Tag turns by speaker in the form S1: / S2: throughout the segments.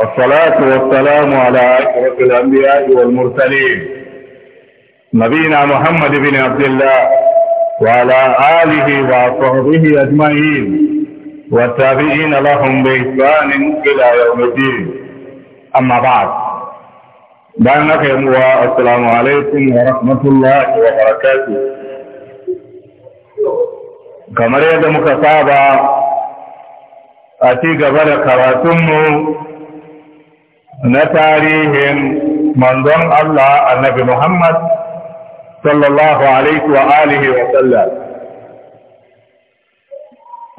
S1: والصلاة والسلام على أشرف الأنبياء والمرسلين نبينا محمد بن عبد الله وعلى آله وصحبه أجمعين والتابعين لهم بإحسان إلى يوم الدين أما بعد دعنا السلام عليكم ورحمة الله وبركاته كما يدمك صعبا أتيك a na tarihin manzon Allah annabi Muhammad sallallahu alaihi wa alihi wa sallam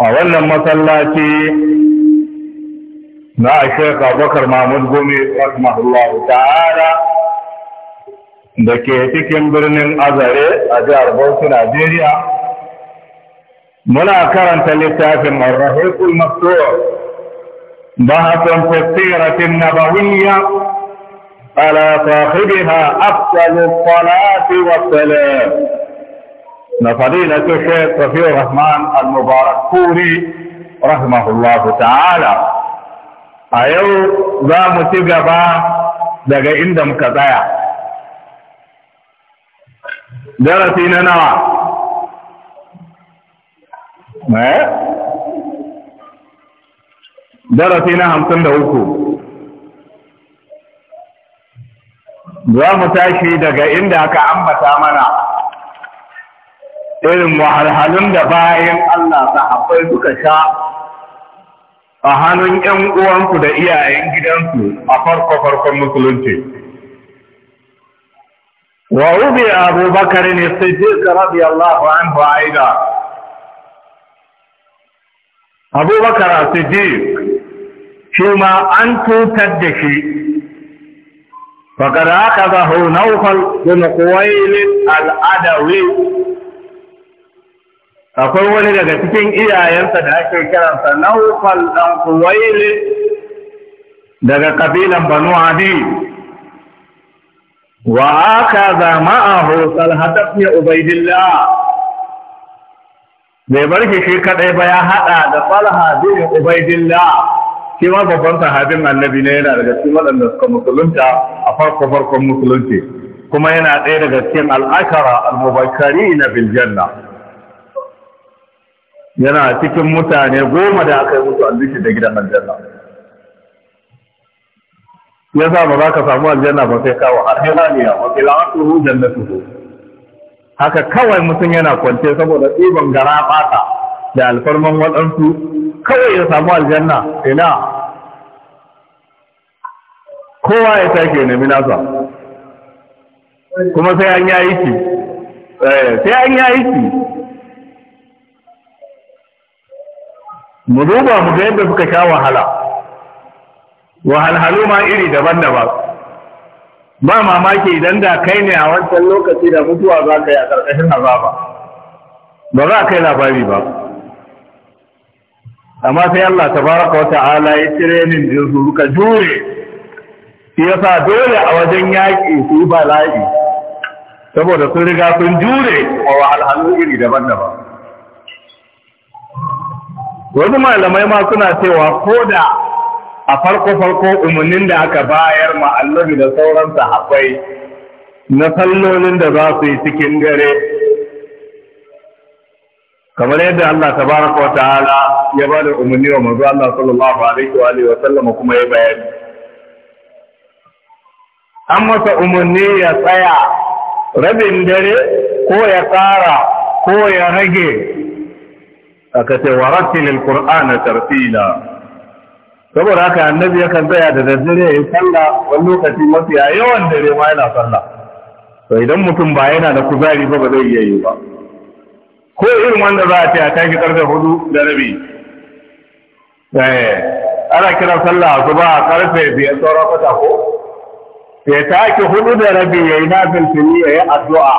S1: a wannan masallaci na Sheikh Abubakar Mahmud Gumi rahimahullahu ta'ala da ke cikin birnin Azare a jihar Bauchi Najeriya muna karanta littafin Ar-Rahiqul Maktur بحث في السيرة النبوية على صاحبها أفضل الصلاة والسلام لفضيلة الشيخ صفي الرحمن المبارك فوري رحمه الله تعالى أيو ذا متقبا daga inda muka tsaya darasi na darasi na hamsin da uku za mu tashi daga inda aka ambata mana irin wahalhalun da bayan Allah sahabbai suka sha a hannun ‘yan uwanku da iyayen gidansu a farko-farkon musulunci. Wa ubi abubakar ne sai ka rabi Allah a yi da. Abubakar a Siddiq shi ma an tutar da shi faƙar haka za hau naufal kuma kuwailin al'adawi akwai wani daga cikin iyayensa da ake kiransa naufal ɗan kuwailin daga ƙabilan banu adi wa aka za ma'ahu salhatar ne ubaidillah bai bar shi shi kaɗai ba ya haɗa da salha bin ubaidillah shi ma babban sahabin annabi ne yana daga cikin waɗanda suka musulunta a farko farkon musulunci kuma yana ɗaya daga cikin al'akara al-mubakari na biljanna yana cikin mutane goma da aka yi musu albishi da gidan aljanna ya sa ba za ka samu aljanna ba sai kawo har ila an tuhu jannatu haka kawai mutum yana kwance saboda ɗiban gara ɓata da alfarman waɗansu kawai ya samu aljanna ina kowa ya sake nemi nasa kuma sai an yayi ki eh, sai an yayi ki mu duba mu ga yadda suka sha wahala wahalhalu ma iri daban-daban ba mamaki idan da kai ne a wancan lokaci da mutuwa za ka yi a ƙarƙashin azaba ba za ka yi labari ba amma sai Allah tabaraka wata'ala ya cire min din su ka jure shi yasa dole a wajen yaki su bala'i saboda sun riga sun jure wa alhalu iri daban-daban wasu malamai ma suna cewa ko da a farko-farko umarnin da aka bayar ma da sauran sahabbai na sallolin da za su yi cikin dare kamar yadda Allah tabaraka wa ta'ala ya ba da umarni wa manzo Allah sallallahu alaihi wa alihi wa sallama kuma ya bayani an masa umarni ya tsaya rabin dare ko ya ƙara ko ya rage aka ce wa rattilil qur'ana tartila saboda haka annabi yakan tsaya da daddare ya yi sallah wani lokaci mafiya yawan dare ma yana sallah to idan mutum ba yana da kuzari ba ba zai iya yi ba ko irin wanda za a ce a tashi karfe hudu da rabi eh, ana kira sallah zuba ba karfe biyar tsoron kwata ko ya tashi hudu da rabi ya yi na filfili ya yi addu'a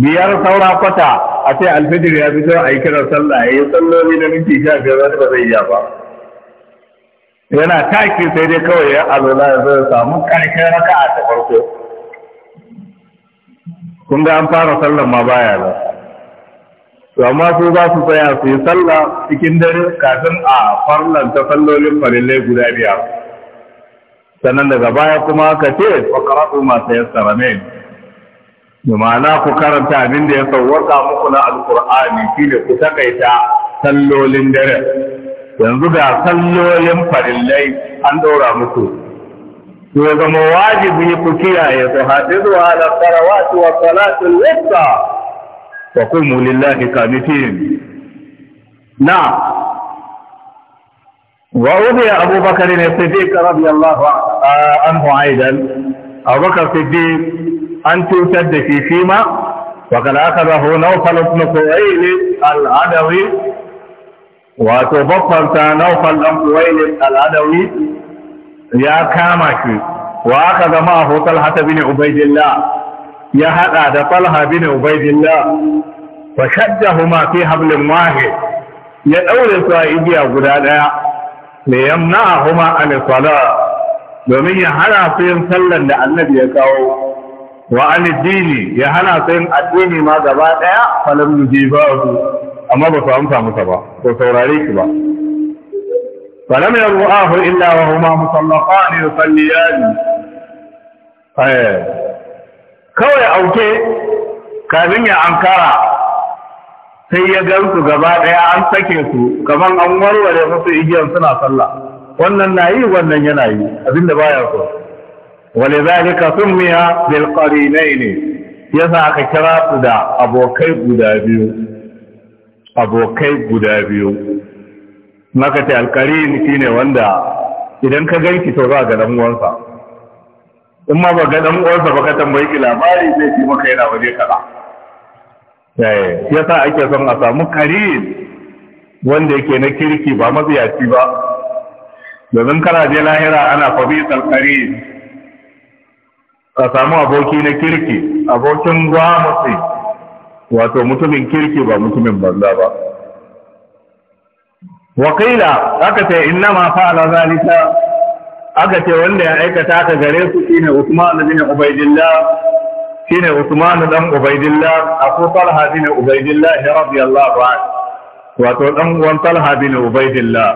S1: biyar saura kwata a ce alfijir ya fi a yi kiran sallah ya yi salloli na minti sha biyar wani ba zai iya ba yana taki sai dai kawai ya alola ya zai samu ƙarshen raka a ta farko kun ga an fara sallan ma baya ba to amma su za su tsaya su yi sallah cikin dare kafin a farlanta sallolin farillai guda biyar sannan daga baya kuma ka ce wa karatu masu yassara ne da ma'ana ku karanta abin da ya sauwaka muku na alkur'ani shine ne ku takaita sallolin dare yanzu ga sallolin farillai an ɗora muku to ya zama wajibi ku kiyaye su haɗe zuwa da wa salatul wusta وقوموا لله قانتين نعم وأوضي أبو بكر الصديق رضي الله عنه أيضا أبو بكر الصديق أن تسد في فيما وقد أخذه نوفل بن قويل العدوي وتبطلت نوفل بن قويل العدوي يا كامشي وأخذ معه طلحة بن عبيد الله ya haɗa da Talha bin Ubaidillah wa huma fi hablin wahid ya ɗaure su a igiya guda daya li huma an salat domin ya hana su yin sallan da Annabi ya kawo wa an dini ya hana su yin addini ma gaba daya falam yujibahu amma ba su amsa masa ba ko saurare shi ba falam yarwahu illa wa huma musallaqan yusalliyani eh. kawai auke kafin ya ankara sai ya gan su gaba ɗaya an sake su kamar an warware musu igiyar suna sallah wannan na yi wannan yana yi abinda baya so wale zalika summiya bil ne yasa aka kira su da abokai guda biyu abokai guda biyu maka ta alqarin shine wanda idan ka ganki to za ga dan uwansa in ma ba ga dan uwansa ba ka tambayi ki labari zai fi maka yana waje kaza eh yasa ake son a samu karin wanda yake na kirki ba matsiyaci ba domin kana je lahira ana fabisal karin a samu aboki na kirki abokin gwamnati, wato mutumin kirki ba mutumin banza ba wakila aka ce inna ma fa'ala zalika aka ce wanda ya aikata ka gare su shine Usman bin shine Usman dan Ubaidillah Abu Talha bin Ubaydillah radiyallahu anhu wato dan uwan Talha bin Ubaidillah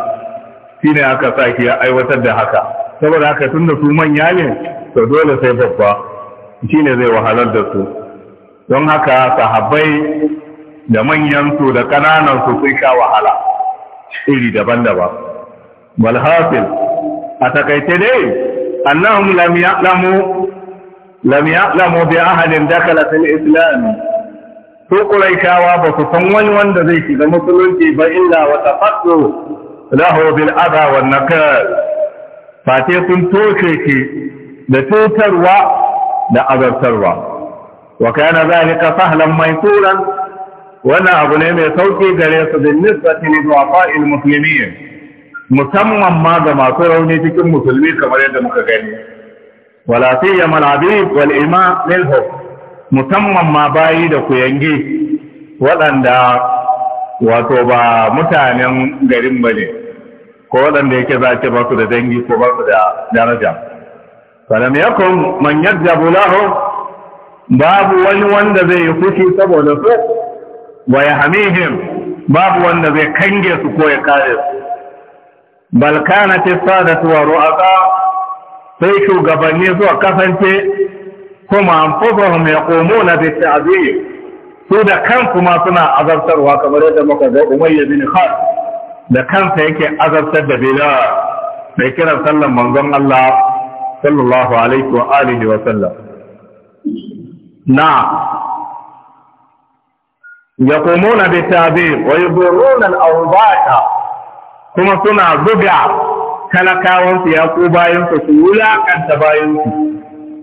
S1: shine aka saki ya aiwatar da haka saboda haka tunda su manya ne to dole sai babba shine zai wahalar da su don haka sahabbai da manyan su da kananan su sun sha wahala iri daban-daban walhasil a takaice dai annahum lam ya'lamu lam ya'lamu bi ahadin dakala fil islam su quraishawa ba su san wani wanda zai shiga musulunci ba illa wa tafaddu lahu bil adha wan nakal fate sun toshe ki da tutarwa da azartarwa wa kana zalika sahlan maysuran wannan abu ne mai sauki gare su bin nisbati li du'afa'il muslimin musamman ma ga masu rauni cikin musulmi kamar yadda muka gani wala sai al wal ima musamman ma bayi da kuyange waɗanda wato ba mutanen garin bane ko waɗanda yake zace ba su da dangi ko ba su da daraja falam yakun man yadjabu lahu babu wani wanda zai yi fushi saboda su wa hamihim babu wanda zai kange su ko ya kare su bal sa da sadatu a ru'aqa sai shugabanni zuwa kasance kuma anfusuhum yaqumuna bi ta'zir su da kanku ma suna azabtarwa kamar yadda muka umar Umayya bin har da kansa yake azabtar da Bilal mai kiran sallan manzon Allah sallallahu alaihi wa alihi wa sallam na يقومون بالتعبير ويضرون الأوضاع kuma suna buga talakawansu ya ko bayansu su wulaƙanta bayansu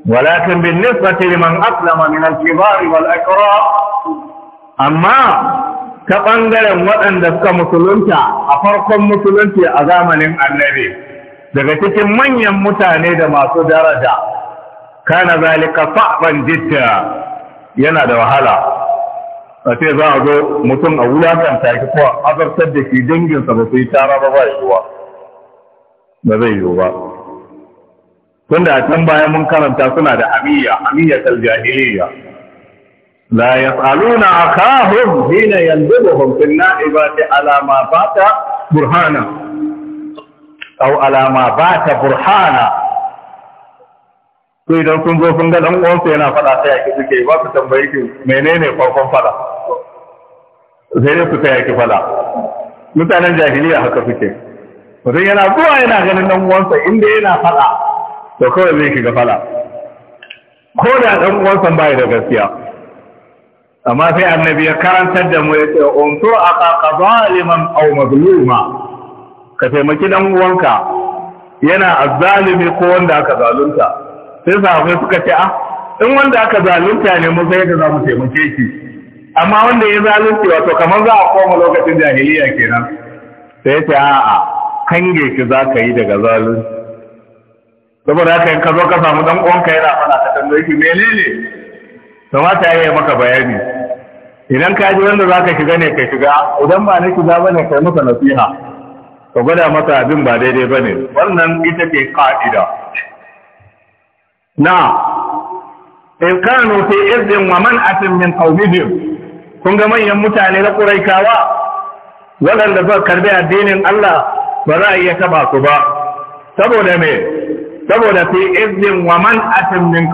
S1: walakin bin nisbati liman aslama min al-kibari wal akra amma ta ɓangaren waɗanda suka musulunta a farkon musulunci a zamanin annabi daga cikin manyan mutane da masu daraja kana zalika fa'ban jidda yana da wahala a ce za a zo mutum a wulakanta shi kuwa? azabtar da ke danginsa ba su yi tara ba ba yiwuwa ba zai yiwu ba tunda a can bayan mun karanta suna da amiya amiya tal jahiliya la yasaluna akahum hina yanzubuhum fil na'ibati ala ma bata burhana aw ala ma bata burhana ko idan kun zo kun ga dan uwansa yana fada sai yake suke ba ku tambaye ki menene farkon fada sai dai ku sai yake fada mutanen jahiliya haka suke mutum yana zuwa yana ganin dan uwansa inda yana fada to kawai zai shiga fada ko da dan uwansa bai da gaskiya amma sai annabi ya karantar da mu yace umtu aqa zaliman aw mazluma ka taimaki dan uwanka yana azzalimi ko wanda aka zalunta sai sahabbai suka ce a ah, in wanda aka zalunta ne mun sai da za mu taimake shi amma wanda ya zalunta wato kamar za a koma lokacin jahiliya kenan sai ce a'a kange ki za ka yi daga zalunci saboda haka in ka zo ka samu dan uwanka yana fara ka tambaye shi menene kamata ya yi maka bayani idan ka ji wanda za ka shiga ne ka shiga idan ba ne shiga ba ne kai maka nasiha ka gwada masa abin ba daidai ba ne wannan ita ce ka'ida na in kanu fi izin wa man atin min kun ga manyan mutane na quraikawa waɗanda suka karbi addinin Allah ba za a iya taba su ba saboda me saboda fi izin wa man atin min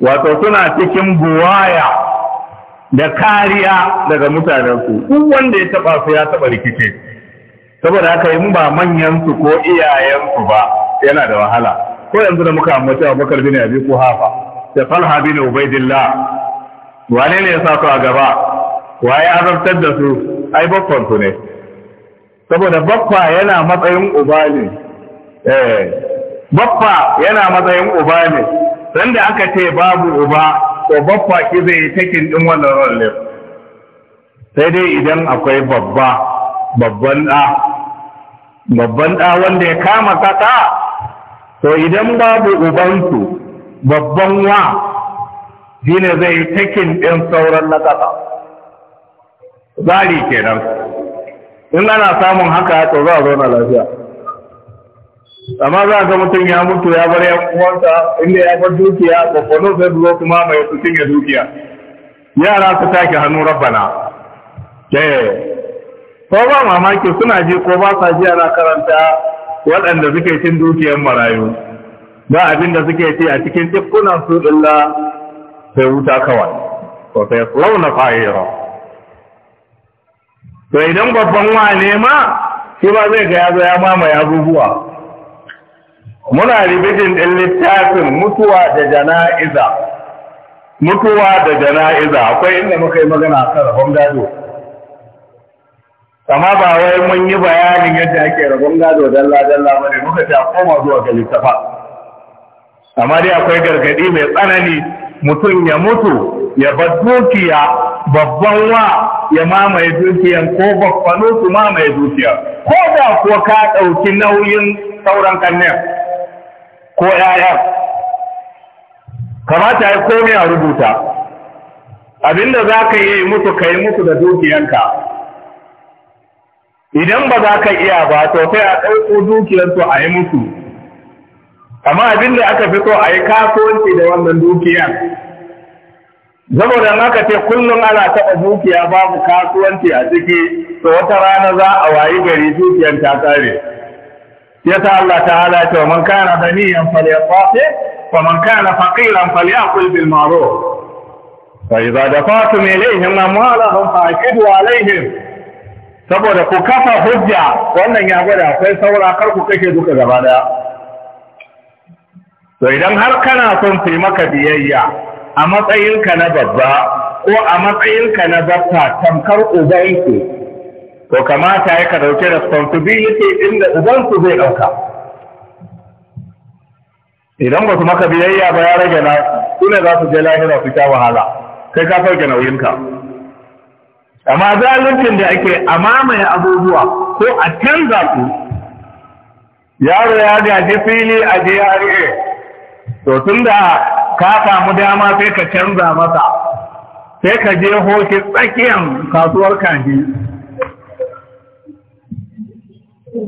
S1: wato suna cikin buwaya da kariya daga mutanensu duk wanda ya taba su ya taba rikice saboda haka yi ba manyansu ko iyayensu ba yana da wahala ko yanzu da muka ambaci Abubakar bin Abi Quhafa da Talha bin Ubaidillah wane ne ya sa su a gaba waye azabtar da su ai bakwan su ne saboda bakwa yana matsayin uba ne eh bakwa yana matsayin uba ne dan da aka ce babu uba to bakwa ki zai takin din wannan rolle sai dai idan akwai babba babban da babban da wanda ya kama kasa to idan babu ubansu babban wa shine zai takin ɗin sauran na ƙasa zari kenan in ana samun haka to za a zauna lafiya amma za ga mutum ya mutu ya bar yan uwansa inda ya bar dukiya kwakwano sai zo kuma mai su cinye dukiya yara su take hannu rabbana ke eh. ko ba mamaki suna ji ko ba sa ji ana karanta waɗanda suke cin dukiyar marayu ba abin da suke ce a cikin tikunan su illa sai wuta kawai ko sai launa fa'ira to idan babban wane ma shi ba zai ga yazo ya mamaye abubuwa muna ribijin ɗin littafin mutuwa da jana'iza mutuwa da jana'iza akwai inda muka yi magana kan rabon gado kama ba wai mun yi bayanin yadda ake rabon gado dalla dalla bane muka ta koma zuwa ga litafa amma dai akwai gargadi mai tsanani mutum ya mutu ya bar dukiya babban wa ya mamaye dukiyan ko babban su mamaye dukiya ko da kuwa ka ɗauki nauyin sauran kanne ko Kamar kamata ya komai a rubuta abinda za ka yi mutu ka yi mutu da dukiyanka idan ba za ka iya ba to sai a ɗauko dukiyarsu a yi musu amma abin da aka fi so a yi kasuwanci da wannan dukiyar saboda aka ce kullum ana taɓa dukiya babu kasuwanci a ciki to wata rana za a wayi gari dukiyar ta tsare yasa Allah ta hala ce man kana ganiyan falyaqati wa man kana faqiran falyakul bil ma'ruf fa idza dafa'tum ilayhim amwalahum fa'kidu alayhim saboda ku kafa hujja wannan ya gwada akwai saura kar ku kashe duka gaba daya to idan har kana son su yi maka biyayya a matsayinka na babba ko a matsayinka na babba tamkar ubanku to kamata ya ka dauke responsibility inda ubansu zai dauka idan ba su maka biyayya ba ya rage na su ne za su je lahira su sha wahala sai ka sauke nauyinka amma zaluncin da ake a mamaye abubuwa ko a canza su yaro ya gaji fili a JRA to tun da ka samu dama sai ka canza masa sai ka je hoshi tsakiyar kasuwar kanji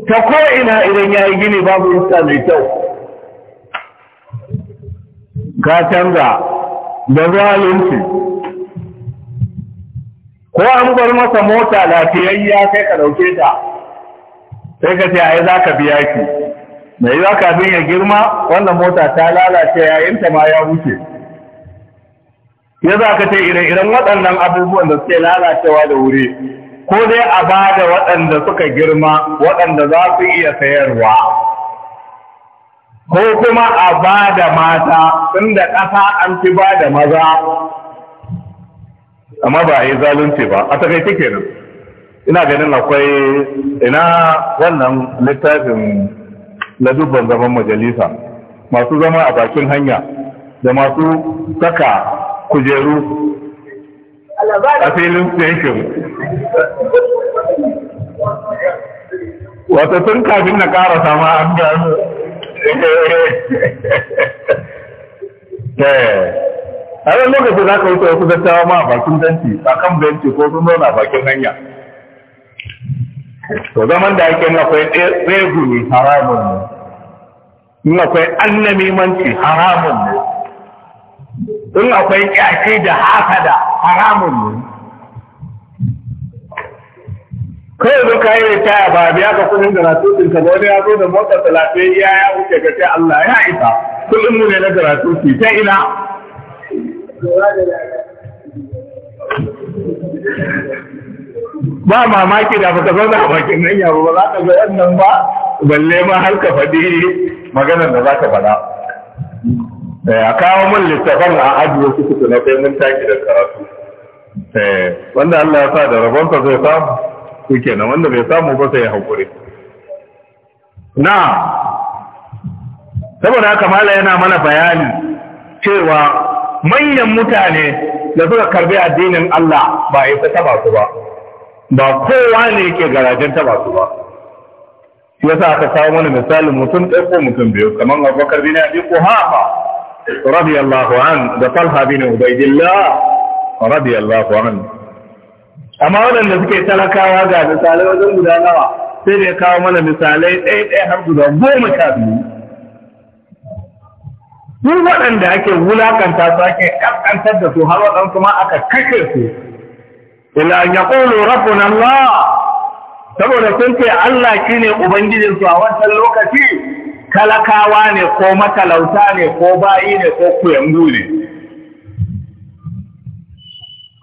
S1: ta ina idan ya yi gini babu iska mai kyau ka canza da zalunci ko an bar masa mota lafiyayya kai ka ɗauke ta sai ka ce ai za ka biya ki mai yiwa kafin ya girma wannan mota ta lalace yayin ta ma ya wuce ya za ka ce ire-iren waɗannan abubuwan da suke lalacewa da wuri ko dai a ba da waɗanda suka girma waɗanda za su iya sayarwa ko kuma a ba da mata tun da ƙasa an fi ba da maza amma ba a yi zalunci ba a takaice kenan ina ganin akwai ina wannan littafin na dubban zaman majalisa masu zama a bakin hanya da masu saka kujeru a filin station wata tun kafin na ƙara sama an gano eh. a yau lokacin za ka wuce wasu dattawa ma a bakin benci a kan benci ko sun zauna a bakin hanya to zaman da ake na akwai regu ne haramun ne in akwai annamimanci haramun ne in akwai kyashe da haka da haramun ne kawai zo ka yi ta taya ba biya ka kudin garatutin ka wani ya zo da motsa talatin ya ya wuce ga ce Allah ya isa kudin mu ne na garatuti ta ina
S2: ba mamaki da ba ta zo a
S1: bakin nan yabo ba za ka ga wannan ba balle ma har ka faɗi maganar da za ka faɗa eh, a kawo mun littafin a ajiye su su na kai mun taki da karatu eh, wanda Allah ya sa da rabon ka zai samu su kenan wanda bai samu ba sai ya haƙuri na saboda haka mala yana mana bayani cewa manyan mutane da suka karbi addinin Allah ba ya ta ba su ba ba kowa ne yake garajen ta ba su ba Ya sa aka kawo mana misalin mutum ɗaya ko mutum biyu kamar Abubakar ko hafa. Quhafa Allah an da Talha bin Ubaydillah Allah an amma waɗanda suke talakawa ga misalai wajen guda nawa sai da kawo mana misalai ɗaya ɗaya har guda goma sha biyu duk waɗanda ake wulakanta su ake ƙanƙantar da su har waɗansu ma aka kashe su ila an ya ƙulu rabbun Allah saboda sun ce Allah shi ne Ubangijinsu a wancan lokaci talakawa ne ko matalauta ne ko bayi ne ko kuyangu ne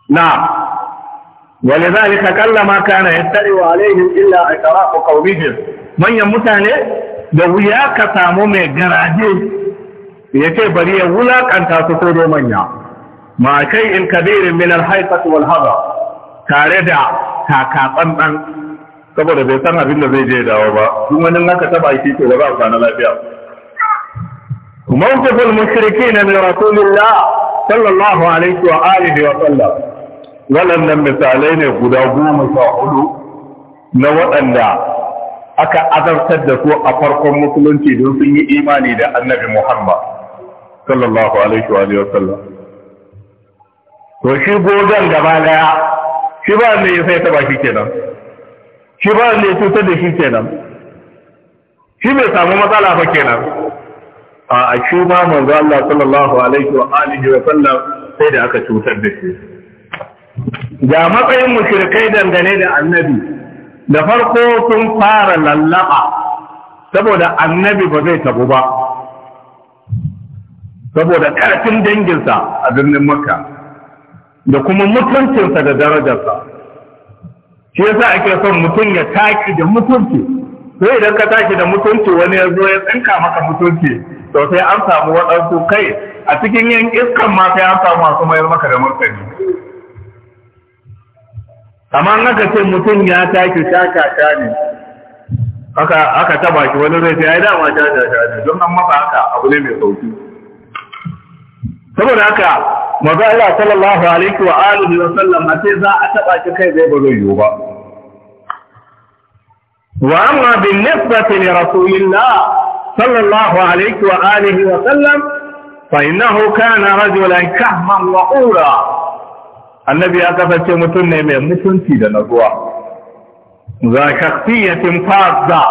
S1: na wani zalika kallama kana wa alaihim illa a ƙara'u ƙaunihim manyan mutane da wuya ka samu mai garaje ya ce bari ya wulaƙanta su ko manya ma kai in kabirin min alhaifatu wal tare da takatsan dan saboda bai san abin da zai je dawo ba duk wani naka taba shi ko ba za a kwana lafiya mawqiful mushrikin min rasulillah sallallahu alaihi wa alihi wa sallam waɗannan misalai ne guda goma sha hudu na waɗanda aka azartar da su a farkon musulunci don sun yi imani da annabi Muhammad sallallahu alaihi wa sallam. wasallam to shi gogon gaba daya shi ba ne ya sai taba shi kenan shi ba ne ya cutar da shi kenan shi bai samu matsala ba kenan a shi ma manzo Allah sallallahu alaihi wa alihi wa sallam sai da aka cutar da shi ga matsayin mushrikai dangane da annabi da farko sun fara lallaba saboda annabi ba zai tabu ba saboda ƙarfin danginsa a birnin makka da kuma mutuncinsa da darajarsa shi yasa ake son mutum ya taki da mutunci sai idan ka taki da mutunci wani ya zo ya tsinka maka mutunci to sai an samu waɗansu kai a cikin yin iskan ma sai an samu masu mayar maka da martani amma an aka ce mutum ya taki shaka ne aka taba ki wani zai sai ya dama shaka ne don an masa haka abu ne mai sauki saboda haka manzo Allah sallallahu alaihi wa alihi wa sallam a ce za a taba ki kai zai ba zai yiwu ba wa amma bin nisbati li rasulillah sallallahu alaihi wa alihi wa sallam fa innahu kana rajulan kahman wa ura annabi ya kasance mutum ne mai mutunci da nazuwa za shakhsiyatin fazza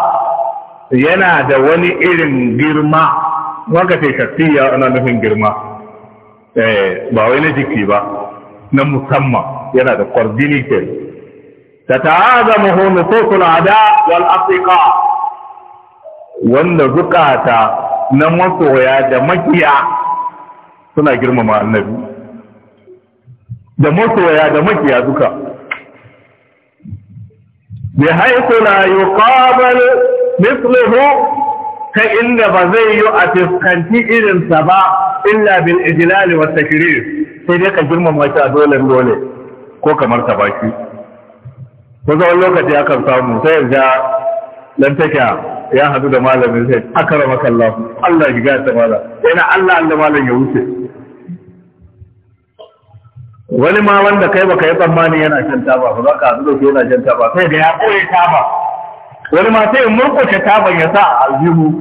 S1: yana da wani irin girma wanda ke shakhsiya ana nufin girma Eh, ba wai na jiki ba na musamman yana da kwardini ta ta'aza mahu nufukul ada wal afrika wanda zukata na masoya da makiya suna girmama annabi da masoya da makiya duka bi haiku la yuqabal mithluhu ta inda ba zai yi a fuskanci irinsa ba illa bil ijlal wa takrir sai dai ka girmama shi a dole dole ko kamar ta baki ko zaman lokaci akan samu sai ya lantaka ya hadu da malamin sai akrama kallahu Allah ya gata mala yana Allah Allah malam ya wuce wani ma wanda kai baka yi tsammani yana shan taba ba za ka hadu da yana shan taba sai da ya koyi taba wani yin sai murkuta taban ya sa a aljihu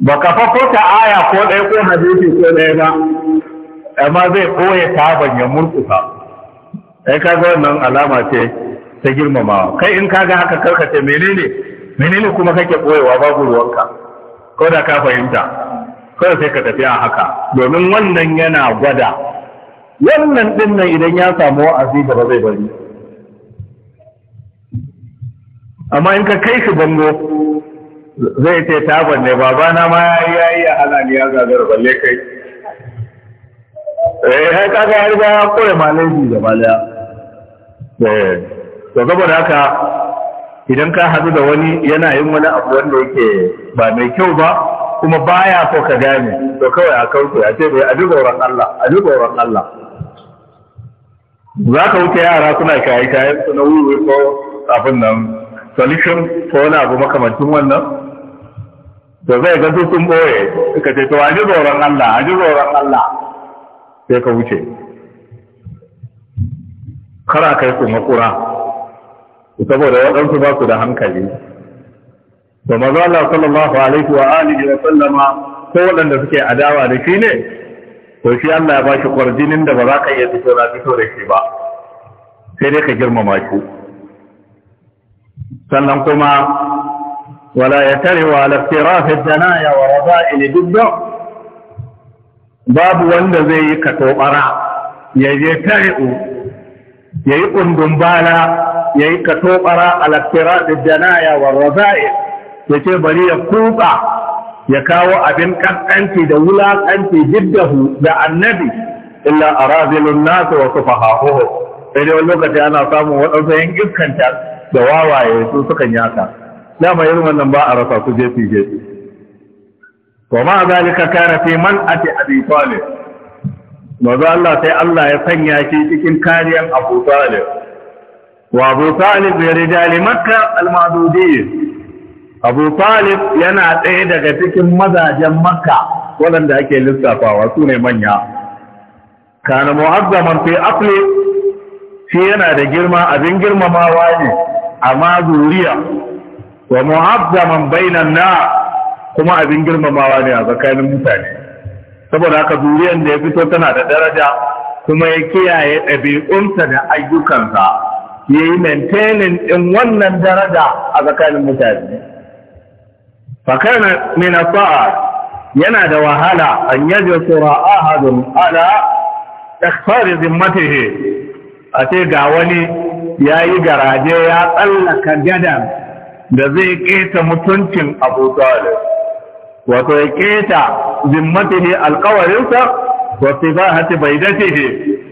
S1: ba ka ta aya ko ɗaya ko hadisi ko ɗaya ba amma zai koya taban ya murkuta ai ga wannan alama ce ta girmamawa kai in ka ga haka karkace menene menene kuma kake koyewa babu ruwanka ko da ka fahimta kawai sai ka tafi a haka domin wannan yana gwada wannan ɗin nan idan ya samu wa'azi da ba zai bari amma in ka kai shi bango zai ce taban ne babana ma ya yi a halali ya gagar balle kai eh ya kaga ya ba ya kore malaji da daya eh to saboda haka idan ka hadu da wani yana yin wani abu wanda yake ba mai kyau ba kuma baya so ka gane to kawai a kauce a ce bai a ji tsoron Allah a ji tsoron Allah za ka wuce yara suna kayi kayan su na wuri ko abin nan solution ko wani abu makamancin wannan da zai ga su sun boye suka ce to aji ji tsoron Allah aji ji tsoron Allah sai ka wuce kara kai su makura saboda waɗansu ba su da hankali to maza Allah sallallahu alaihi wa alihi wa sallama ko waɗanda suke adawa da shi ne to shi Allah ya ba shi kwarjinin da ba za ka iya fito da shi ba sai dai ka girmama shi sannan kuma wala ya tare tarewa laftirafin janaya wa raza'ili dubba babu wanda zai yi katobara ya je tare'u ya yi ƙundun bala ya yi katobara a laftirafin janaya wa raza'il ya ce bari ya kuka ya kawo abin ƙasƙanci da wulaƙanci jiddahu da annabi illa a nasu wasu fahahuhu sai dai wani lokaci ana samun waɗansu yan iskanta da wawaye su suka yi haka dama irin wannan ba a rasa su jefi jefi to ma zalika kana fi man ati abi talib maza Allah sai Allah ya sanya shi cikin kariyan Abu Talib wa Abu Talib ya rijali Makka al Abu Talib yana ɗaya daga cikin mazajen Makka waɗanda ake lissafawa su ne manya kana mu'azzaman fi aqli shi yana da girma abin girmamawa ne amma zuriya wa muhabbaman bainan na kuma abin girmamawa ne a tsakanin mutane saboda haka zuriyar da ya fito tana da daraja kuma ya kiyaye ɗabi'unsa da ayyukansa ya yi maintaining ɗin wannan daraja a tsakanin mutane fakana min sa'a yana da wahala an yaje sura ahadun ala ikhfar zimmatihi a ce ga wani ya yi garaje ya tsallaka gada da zai keta mutuncin abu talib wato ya keta zimmatihi alkawarinsa wato za a ce bai dace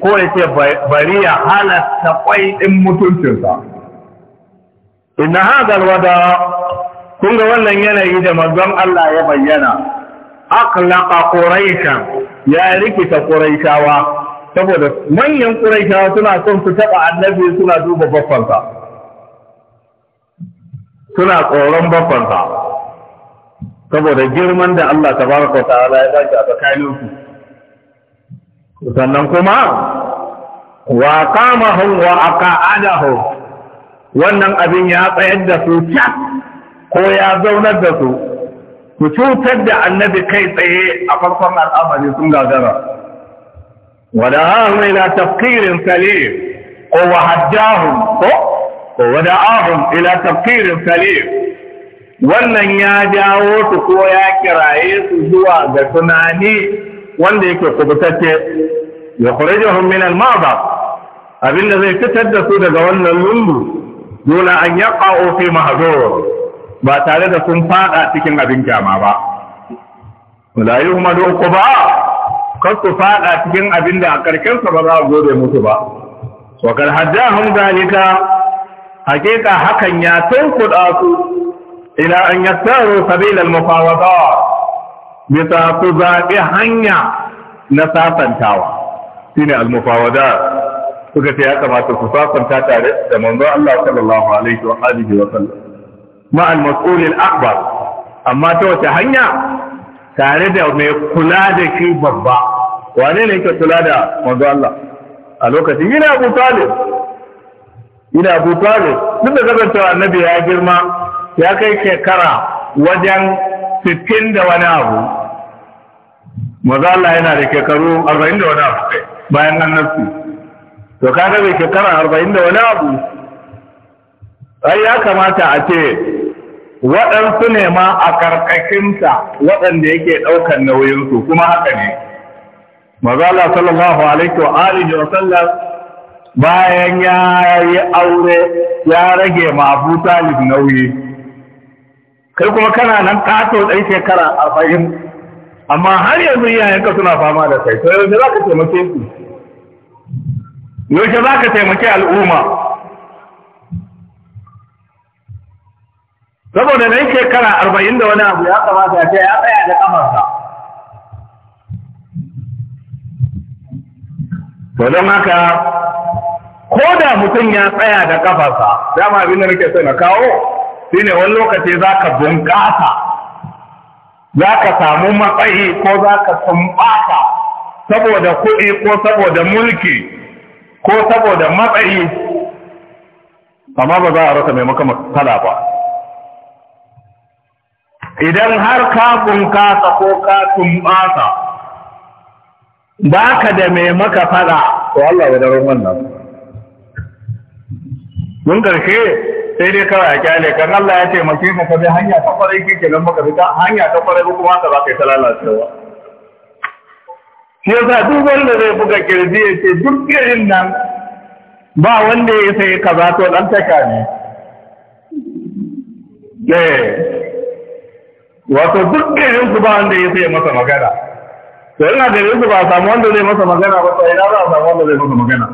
S1: ko ya ce bari ya halatta kwai ɗin mutuncinsa inna hadal wada kun ga wannan yanayi da manzon Allah ya bayyana aqlaqa ƙuraishan ya rikita quraishawa saboda manyan ƙuraishawa suna son su taɓa annabi suna duba baffansa suna tsoron baffansa saboda girman da Allah ta baraka ta'ala ya zaki a tsakanin su sannan kuma wa qamahum wa aqa'adahum wannan abin ya tsayar da su cak ko ya zaunar da su ku cutar da annabi kai tsaye a farkon al'amari sun gagara ودعاهم إلى تفكير سليم ووحداهم ودعاهم إلى تفكير سليم wannan ya jawo su ko ya kiraye su zuwa ga tunani wanda yake kubutacce ya khurijuhum min al-ma'dha abinda zai fitar da su daga wannan lungu dole an yaqa'u fi mahzur ba tare da sun fada cikin abin kyama ba la yuhmadu uquba kar ku fada cikin abin da a ƙarshen sa ba za a gode musu ba wa kar hajjahum zalika hakika hakan ya tunkuda su ila an yattaru sabil al mufawada bisa ku zaɓi hanya na sasantawa shine al mufawada suka ce ya kamata su sasanta tare da manzo Allah sallallahu alaihi wa alihi wa sallam ma al mas'ul al akbar amma ta wace hanya tare da mai kula da shi babba wane ne yake kula da manzo Allah a lokacin yana Abu Talib yana Abu Talib duk da kasancewa annabi ya girma ya kai shekara wajen sittin da wani abu manzo Allah yana da shekaru arba'in da wani abu bayan annabi to kaga bai shekara arba'in da wani abu ai ya kamata a ce waɗansu ne ma a ƙarƙashinsa waɗanda yake ɗaukar nauyinsu kuma haka ne mazala sallallahu alaihi wa alihi wa sallam bayan ya yi aure ya rage ma Abu Talib nauyi kai kuma kana nan kato dan shekara 40 amma har yanzu ka suna fama da kai to yanzu za ka taimake su yaushe za ka taimake al'umma saboda nan shekara arba'in da wani abu ya kamata ya tsaya da kafarsa to don haka ko da mutum ya tsaya da kafarsa dama abin da nake so na kawo shine wani lokaci za ka bunƙasa za ka samu matsayi ko za ka tumbata saboda kuɗi ko saboda mulki ko saboda matsayi amma ba za a rasa mai matsala ba idan har ka bunƙasa ko ka tumbata ba ka da mai maka fada to Allah ya daren wannan mun karshe sai dai kawai a kyale kan Allah ya taimake ka ka bi hanya ta kwarai kike nan maka fita hanya ta kwarai ko kuma ka ba kai lalacewa shi yasa duk wanda zai buga kirji ya ce duk irin nan ba wanda ya sai kaza to dan taka ne eh wato duk irin su ba wanda ya sai masa magana to yana da yanzu ba a samu wanda zai masa magana ba sai ina za a samu wanda zai masa magana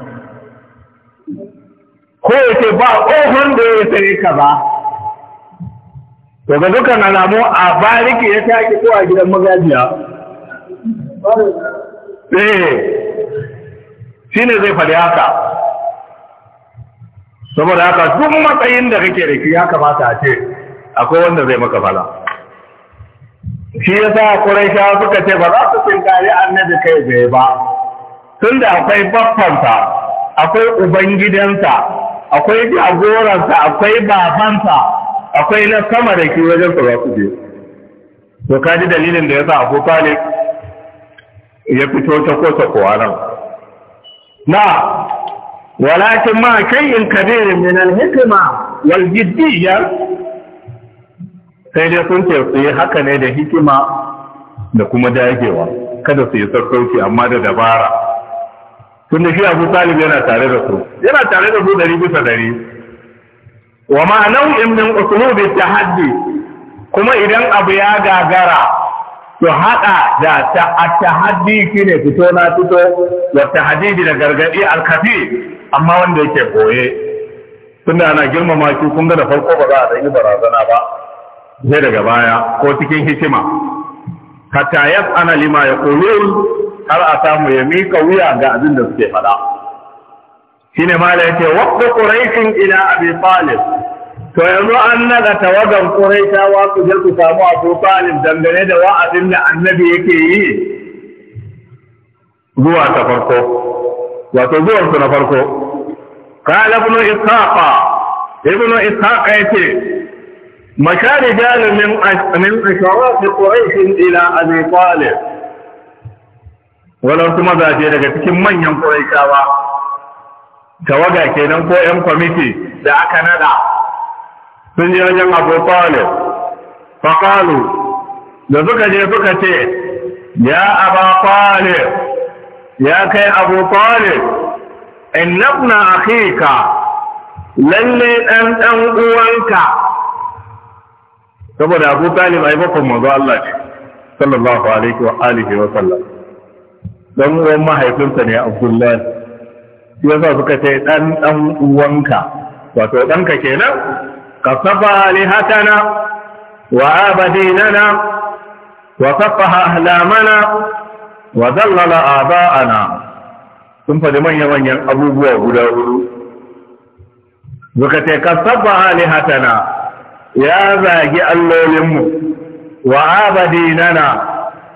S1: ko ya ce ba ƙofan da ya sai kaza to ga dukkan alamu a bariki ya take ko a gidan magajiya eh shine zai faɗi haka saboda haka duk matsayin da kake da shi ya kamata a ce akwai wanda zai maka fada shi ya sa yasa Quraisha suka ce ba za su na annabi kai zai ba tunda akwai baffansa akwai ubangidansa akwai jagoransa akwai babansa akwai na sama da ke wajen su za su je to ka ji dalilin da ya yasa Abu Talib ya fito ta ko ta na walakin ma kai in kabirin min hikima wal sai dai sun ce su yi haka ne da hikima da kuma dagewa kada su yi sassauci amma da dabara tun da shi abu Salim yana tare da su yana tare da su dari bisa dari wa ma'anau in min usulubi tahaddi kuma idan abu ya gagara to haɗa da tahaddi shi ne fito na fito wa tahadidi da gargaɗi alkafi amma wanda yake boye tunda ana girmama shi kun ga da farko ba za a ɗanyi barazana ba sai daga baya ko cikin hikima hatta ana lima ya yaqulun har a samu ya mika wuya ga abin da suke faɗa shine mala yake waqtu quraishin ila abi talib to yanzu an naga tawagan quraishawa ku je ku samu abu talib dangane da wa'azin da annabi yake yi
S2: zuwa ta farko
S1: wato zuwan su na farko qala ibn ishaqa ibn ishaqa yake مشى رجال من من عشرات قريش الى ابي طالب ولو ثم زاجي daga cikin manyan Quraishawa tawaga kenan ko ƴan kwamiti da aka nada sun je wajen Abu Talib faqalu da suka je suka ce ya Abu Talib ya kai Abu Talib na akhika lalle dan dan uwanka saboda Abu Talib ai bakon manzo Allah ne sallallahu alaihi wa alihi wa sallam dan uwan mahaifinsa ne Abdullahi yasa suka ce dan dan uwanka wato danka kenan kasafa lihatana wa abadinana wa safaha ahlamana wa dallala aba'ana sun faɗi manya-manyan abubuwa guda huɗu. suka ce kasafa lihatana ya zagi allolinmu wa abadi nana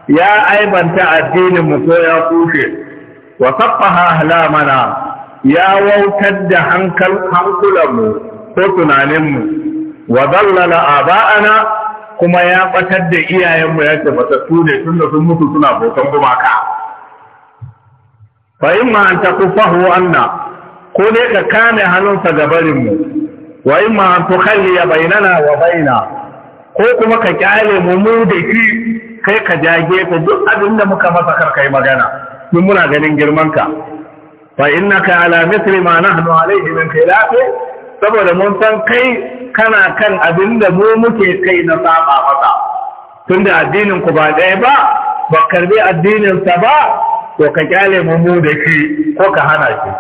S1: ya aibanta addininmu ko ya kushe wa saffaha mana ya wautar da hankal hankulanmu ko tunaninmu wa zallala aba'ana kuma ya batar da iyayenmu ya ce matattu ne tun da sun mutu suna bokan gumaka fa imma an takufahu anna ko ne ka kame hannunsa ga barinmu. wa imma an ya bainana wa baina ko kuma ka kyale mu mu da shi kai ka jage ka duk abin da muka masa kar magana mun muna ganin girman ka fa innaka ala mithli ma nahnu alayhi min khilaf saboda mun san kai kana kan abin da mu muke kai na saba masa tunda addinin ku ba ɗaya ba ba karbi addinin sa ba to ka kyale mu mu da shi ko ka hana shi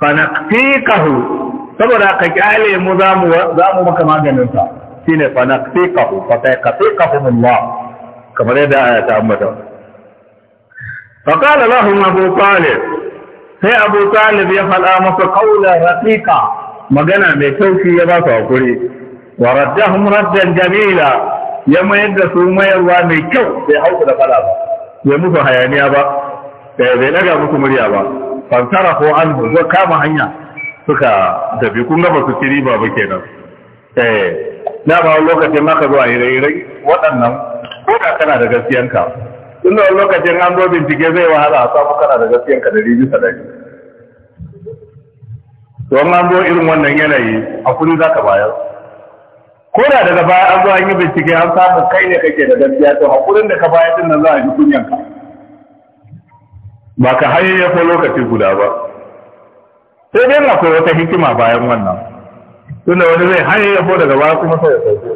S1: fa naqtiqahu saboda ka kyale mu za mu za mu maka maganin sa shine fa naqtiqahu fa min Allah kamar yadda aya ta ambata fa qala lahu abu talib sai abu talib ya faɗa masa qawla raqiqa magana mai tauki ya ba su hakuri wa raddahum raddan jamila ya mayar da su mayarwa mai kyau bai hauku da fada ba bai musu hayaniya ba bai daga musu murya ba fansara ko an zo kama hanya suka tafi kun gaba su ci ba ba kenan eh na ba lokacin maka zuwa ire waɗannan ko da kana da gaskiyanka tun da lokacin an zo bincike zai wahala a samu kana da gaskiyanka da ribi sadari don an zo irin wannan yanayi a kudi za ka bayar ko da daga baya an zo an yi bincike an samu kai ne kake da gaskiya to hakurin da ka bayar din nan za a ji kunyanka ba ka hayayyafa lokaci guda ba sai dai akwai wata hikima bayan wannan tunda wani zai hanyar yabo daga baya kuma sai ya sauke.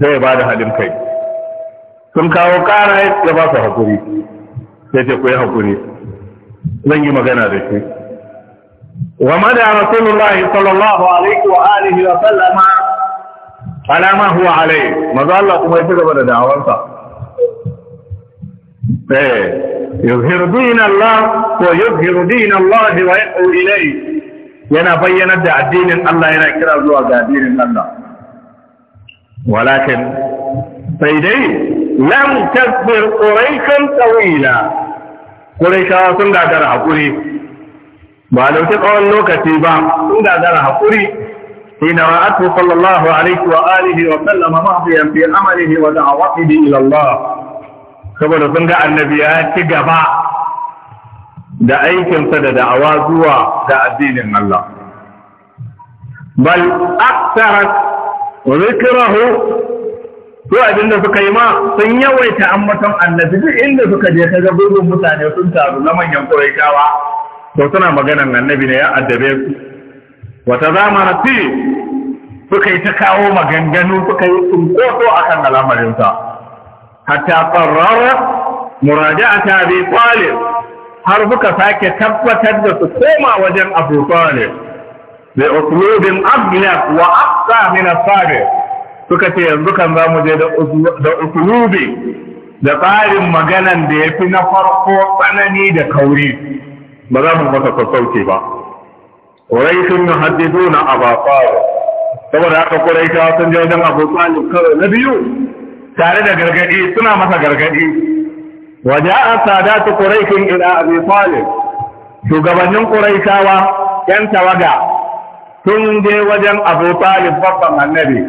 S1: sai ya bada halin kai sun kawo kara ya ba su haƙuri sai ce ku yi haƙuri zan yi magana da shi wa mada rasulullahi sallallahu alaihi wa alihi wa sallama Alama huwa alai maza Allah kuma ya ci gaba da da'awarsa eh يظهر دين الله ويظهر دين الله ويحو إليه ينا بينا دع دين الله ينا اكراز وقع دين الله ولكن فإذا لم تكبر قريشا طويلا قريشا سندا جرى حقوري بعلو تقول لو كتيبا سندا جرى حقوري حين رأته صلى الله عليه وآله وسلم معظيا في عمله ودعوته إلى الله saboda sun ga annabi ya ci gaba da aikinsa da da'awa zuwa ga addinin Allah bal
S2: aktarat
S1: zikrahu to abinda suka yi ma sun yawaita ammatan annabi duk inda suka je kaga bugun mutane sun taru na manyan Qurayshawa to suna maganan annabi ne ya addabe su wata zamana fi suka yi ta kawo maganganu suka yi tsunkoso akan al'amarinsa Hata hatta qarrara muraja'ata abi talib har suka sake tabbatar da su koma wajen abu mai bi uslubin wa aqsa min as suka ce yanzu zamu za je da usulubi da tsarin maganan da ya fi na farko tsanani da kauri ba za mu masa sassauci ba ƙuraishin na haddidu na abafawa saboda haka ƙuraishawa sun je wajen abu kawai na biyu tare da gargadi suna masa gargadi wa ja'a sadatu quraishin ila abi talib shugabannin quraishawa yan tawaga sun je wajen abu talib babban annabi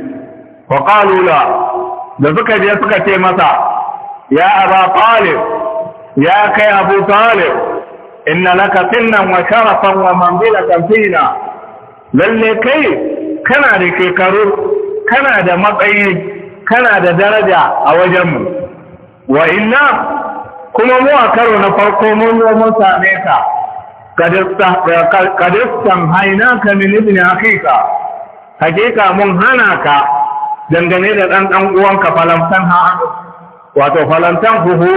S1: wa qalu da suka je suka ce masa ya aba talib ya kai abu talib inna laka sinnan wa sharafan wa manzilatan fina lalle kai kana da shekaru kana da matsayi kana da daraja a wajenmu wa inna kuma mu a karo na farko mun zo mun same ka kadistan haina ka min ibn hakika hakika mun hana ka dangane da dan dan uwanka falantan ha wato falantan huhu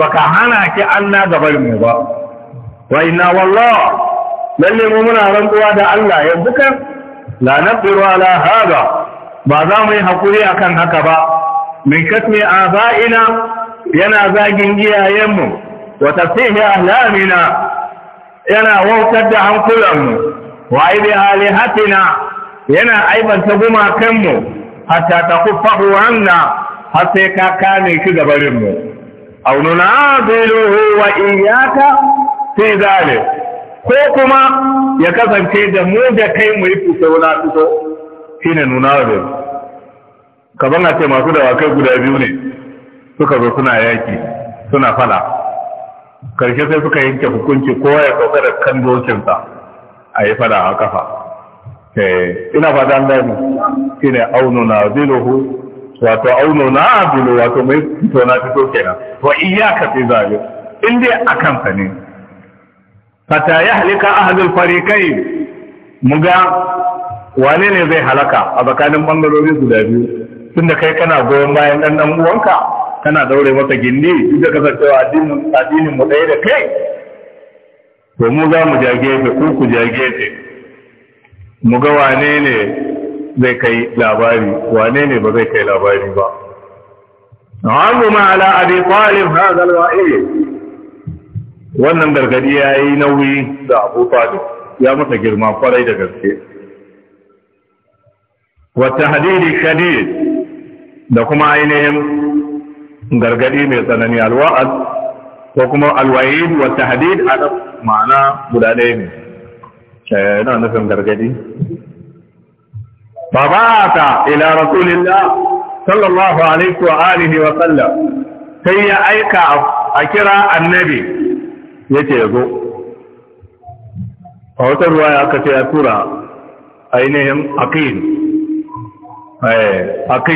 S1: baka hana ki Allah gabar mu ba wa inna wallah lalle mu muna rantsuwa da Allah yanzu kan la nabiru ala hada ba za mu yi hakuri kan haka ba min kasmi aba'ina yana zagin giyayenmu. wa tasihi ahlamina yana wautar da hankulanmu wa ibi alihatina yana aibanta gumakanmu hatta ta kufahu anna har sai ka kame shi gabarinmu aw nunabiluhu wa iyyaka fi zalik ko kuma ya kasance da mu da kai mu yi fito na fito shine nuna da kaban a ce masu dawakai guda biyu ne suka zo suna yaki suna fada karshe sai suka yanke hukunci kowa ya sauka da kan dokinsa a yi fada a kafa eh, ina fata an gani shi ne auno na ziluhu wato auno na zilu wato mai fito na fito kenan iya ka fi zaɓe. in dai a kansa ne fata ya halika ahadul farikai ga. wane ne zai halaka a tsakanin bangarori guda biyu tunda kai kana goyon bayan dan ɗan uwanka kana daure masa gindi duk da kasancewa addinin mu ɗaya da kai to mu za mu ja gefe ku ku ja gefe mu ga wane ne zai kai labari wane ne ba zai kai labari ba Na'amu ma ala abi talib hadha alwa'id wannan gargadi yayi nauyi da Abu Talib ya masa girma kwarai da gaske wa tahdidi shadid da kuma ainihin gargadi mai tsanani alwa'ad ko kuma alwa'id wata hadid a ma'ana guda ɗaya ne yana eh, nufin gargadi babata ila rasulillah sallallahu alaihi wa alihi wa sallam sai ya aika a kira annabi yake ya zo a wata ruwa ya kace ya tura ainihin aqil Eh, kai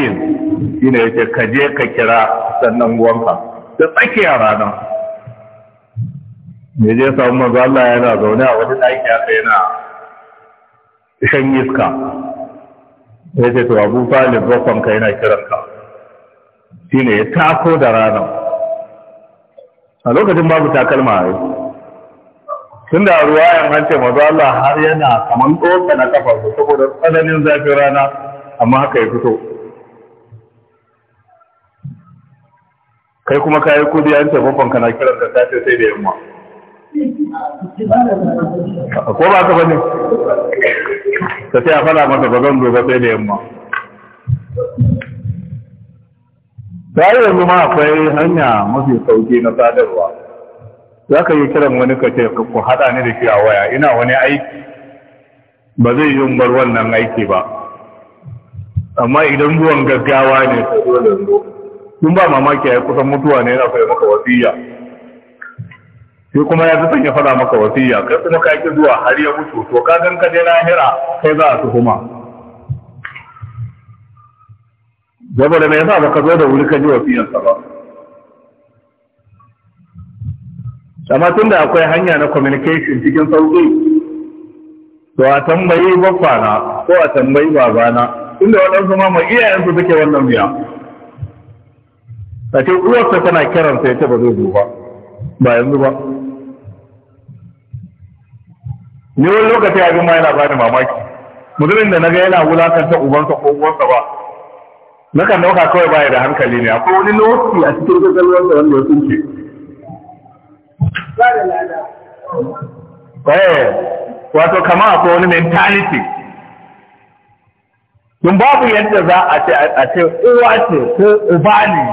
S1: shi ne yake kaje ka kira sannan wanka da a ranar. ne je samu mazu Allah yana zaune a wani ɗaki aka na shan iska ya ce to abu falin ka yana kiran ka. shi ne ya tako da ranar. a lokacin babu takalma a yi tun da ruwa yan hance mazu Allah har yana kamar da na kafa saboda tsananin zafin rana amma haka ya fito kai kuma ka yi kudi an taimakon kana kiran da safe sai da yamma ko ba ka bane ta sai a fara masa ba zan dogo sai da yamma ta yi yanzu ma akwai hanya mafi sauki na sadarwa za ka yi kiran wani ka ce ku haɗa ni da shi a waya ina wani aiki ba zai yi bar wannan aiki ba amma idan zuwan gaggawa ne
S2: sai dole zo
S1: sun ba mamaki ya kusan mutuwa ne yana koyi maka wasiya sai kuma ya zaton ya fara maka wasiya kai kuma ka ki zuwa har ya mutu to ka gan ka je lahira kai za a tuhuma da me yasa baka zo da wuri ka ji wasiyarsa ba amma tun da akwai hanya na communication cikin sauki to a tambayi babbana ko a tambayi babana inda waɗansu ma mai iyayensu suke wannan biya a ce uwarsa tana kiransa ya ce ba zai zo ba ba yanzu ba Ni wani lokaci abin ma yana bani mamaki Mudurin da naga yana wulakanta ubansa ko uwarsa ba na kan dauka kawai baya da hankali ne akwai wani lokaci a cikin gaggawar wanda ya sunce eh, wato kama akwai wani mentality tun babu yadda za a ce a ce uwa ce ko uba ne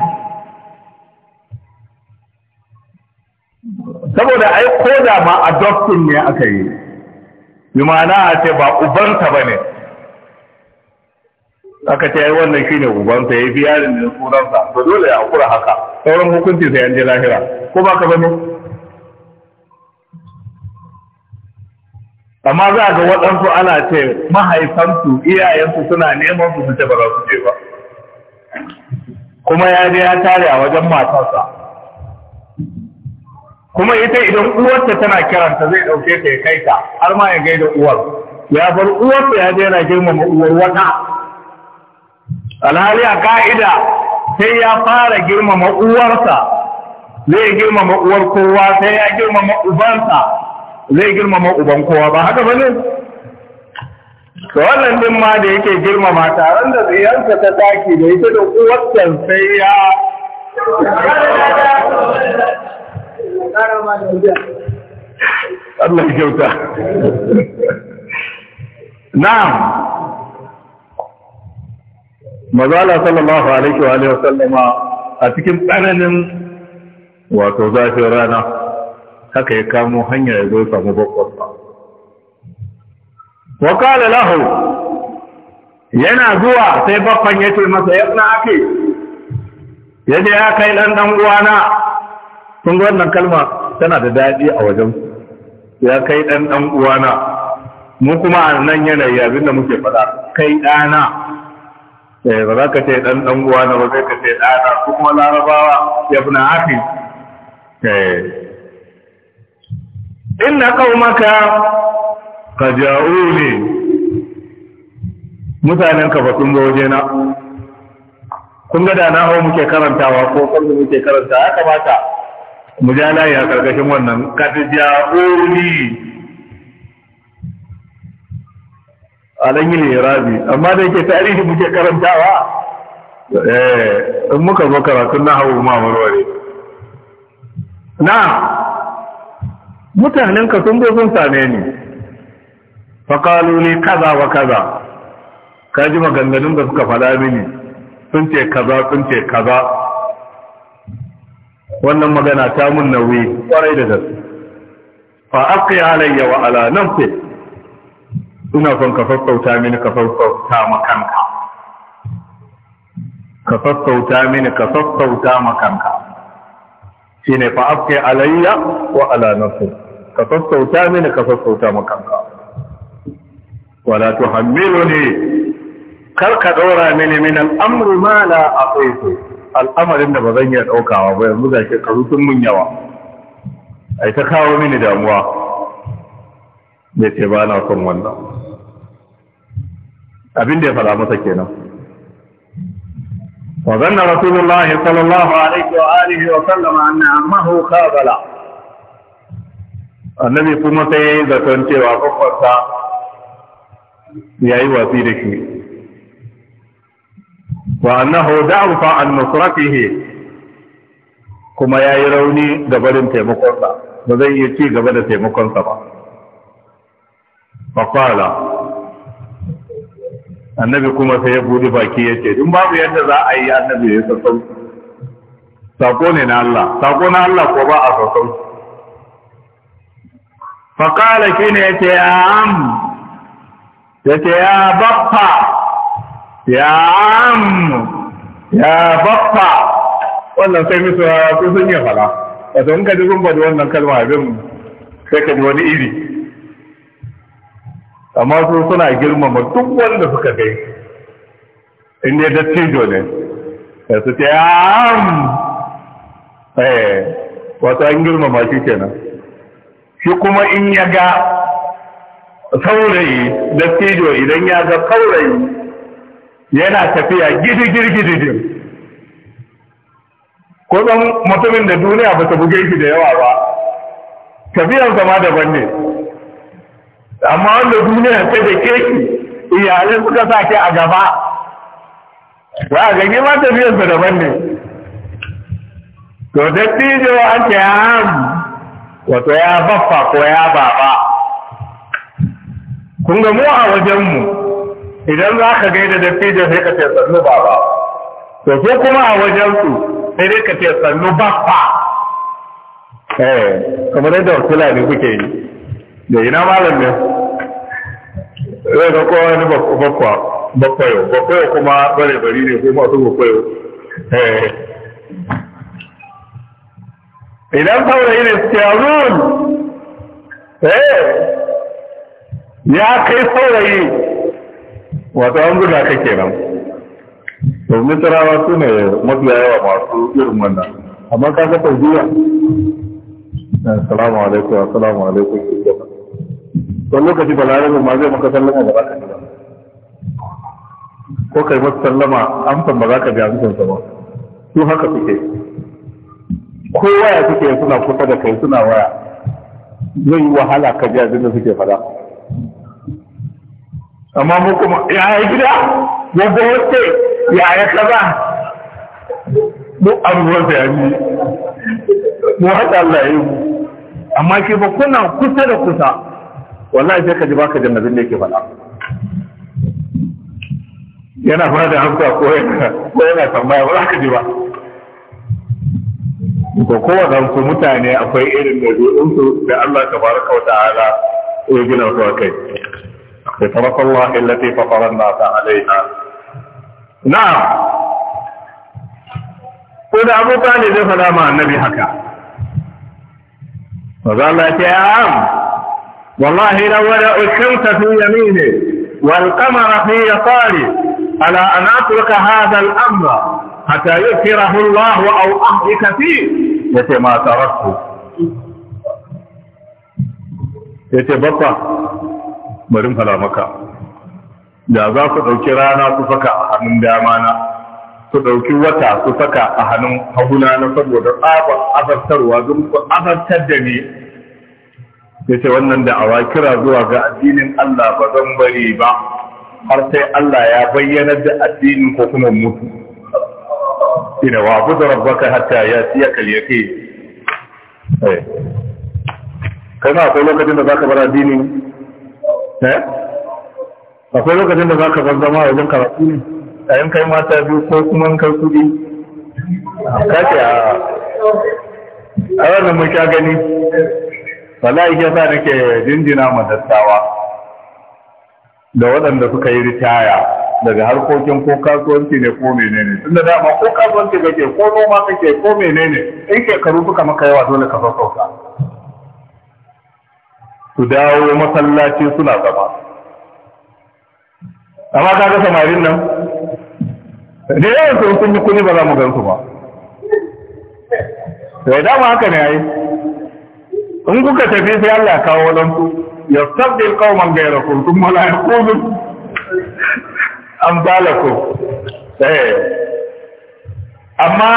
S1: saboda ai ko da ma doktin ne aka yi yi ma'ana a ce ba ubanta ba ne aka ce ai wannan shine ubanta ya yi biya da sunansa to dole ya kura haka sauran hukunci sai an je lahira ko ba ka ne? amma za ga waɗansu ana ce mahaifansu iyayensu suna neman su su ce ba za su je ba kuma ya je ya tare a wajen matarsa kuma ita idan uwarta tana kiranta zai ɗauke ta ya kai ta har ma ya gaida uwar ya bar uwarta ya je yana girmama uwar wata alhali a ka'ida sai ya fara girmama uwarsa zai girmama uwar kowa sai ya girmama ubansa zai girmama uban kowa ba haka bane to wannan din ma da yake girmama taron da ziyarta ta taki da ita da uwarta sai ya
S2: Allah ya kyauta na'am
S1: mazala sallallahu alaihi wa sallama a cikin tsananin wato zafin rana haka ya kamo hanyar ya zo ya samu bakwarsa wa qala lahu yana zuwa sai babban ya ce masa ya na ake ya ya kai dan dan uwana kun ga wannan kalma tana da daɗi a wajen ya kai dan dan uwana mu kuma a nan yanayi abin da muke faɗa kai ɗana eh ba za ka ce dan dan uwana ba zai ka ce ɗana kuma larabawa ya fi na hafi eh. inna qaumaka qaja'uni mutanen ka fa sun zo wajena kun ga da na hawo muke karantawa ko kun muke karanta ya kamata mu ja layi a karkashin wannan qaja'uni ja'uni alan yi amma da yake tarihi muke karantawa eh in muka zo karatun na hawo ma warware na mutanen ka sun zo sun same ni kalu ni kaza wa kaza ka ji maganganun da suka faɗa mini sun ce kaza sun ce kaza wannan magana ta mun nauyi kwarai da gaske fa aqi alayya wa ala nafsi ina son ka sassauta mini ka sassauta ma kanka ka sassauta mini ka sassauta ma kanka shine fa afke alayya wa ala nafsi ka sassauta mini ka sassauta maka kanka wala tuhammiluni kar ka dora mini min al'amri ma la aqitu al'amarin da ba zan iya daukawa ba yanzu ga karu tun mun yawa ai ta kawo mini damuwa ne ce ba na son wannan abin da ya fara masa kenan وظن رسول الله صلى الله عليه وآله وسلم أن عمه خابلا النبي كما سيئذا تنتي وفقفتا يأي وسيلك وأنه ضعف عن نصرته كما يأي قبل تيمقنصا وزي يتي قبل تيمقنصا فقال annabi kuma sai ya bude baki ya ce in babu yadda za a yi annabi ya sassau sako ne na Allah sako na Allah ko ba a sassau faƙala shi ne ya ce ya am ya ce ya baffa ya am ya baffa wannan sai misu su sun yi fara wato in ka ji sun wannan kalma abin sai ka ji wani iri amma su suna girmama duk wanda suka gai in ne dattijo ne da su ce am eh wato an girmama shi kenan shi kuma in ya ga saurayi dattijo idan ya ga saurayi yana tafiya gidigir gidigir ko dan mutumin da duniya ba ta buge shi da yawa ba tafiyar ma daban ne amma wanda duniya ta da ke shi iyalai suka sa ke a gaba za a gani ma tafiyarsa daban ne to dattijo an ke ham wato ya baffa ko ya baba kun ga mu a wajenmu idan za ka gaida dattijo sai ka ce sannu baba to ko kuma a wajensu sai dai ka ce sannu baffa eh kamar yadda wasu ne kuke yi da ina malam ne zai ga kowa ne bakwayo bakwayo kuma bare bari ne ko masu bakwayo eh. idan yi ne suke eh. ya kai saurayi wato an guda ka kenan domin tarawa su ne mafiya yawa masu irin wannan amma ka ga taujiya assalamu alaikum assalamu alaikum don lokaci lare ma zai maka sallama ba za ka ji ba ko kai masa sallama amsan ba za ka ji amsansa ba su haka suke ko waya suke suna kusa da kai suna waya zai yi wahala ka biya abin da suke fada amma mu kuma ya yi gida ya gowace ya yi kaza Mu abubuwan sa ya yi mu haɗa Allah ya yi mu amma ke ba kuna kusa da kusa wallahi sai ka ji baka jin abin da yake faɗa yana fara da hamsa ko yana tambaya ba za ka ji ba ko kowane su mutane akwai irin da su da Allah ta baraka wa ta'ala ya gina su a kai da farafin Allah illati fafaran na ta alaiha na ko da abu ne zai faɗa ma annabi haka Maza Allah ya ce, والله لو ولأ الكوت في يميني والقمر في يساري ألا أن أترك هذا الأمر حتى يذكره الله أو أهلك فيه يتما تركه يتبطى مريم فلا مكا لا ذاك تذكرانا تفكى أهنم دامانا تذكر وتا تفكى أهنم هبنا نصد ودر آبا أفر سر وزم أفر سدني yace wannan da'awa kira zuwa ga addinin Allah ba zan bari ba har sai Allah ya bayyana da addinin ko kuma mutu ina wa abudu rabbaka hatta yatiyakal yaqin eh kana akwai lokacin da zaka bar addinin eh akwai lokacin da zaka bar zama wajen karatu ne yayin kai mata biyu ko kuma in kai kudi
S2: kake a
S1: a wannan mun sha gani wallahi ya sa nake jinjina ma dattawa da waɗanda suka yi ritaya daga harkokin ko kasuwanci ne ko menene tun da dama ko kasuwanci kake ko noma kake ko menene in shekaru suka maka yawa dole ka sauka. su dawo masallaci suna zama amma ka ga samarin nan da yawan sun yi kuni ba za mu gan su ba da dama haka ne ai in kuka tafi sai Allah kawo wadansu ya sabbil qauman ghayrakum thumma la yaqulu amsalakum eh amma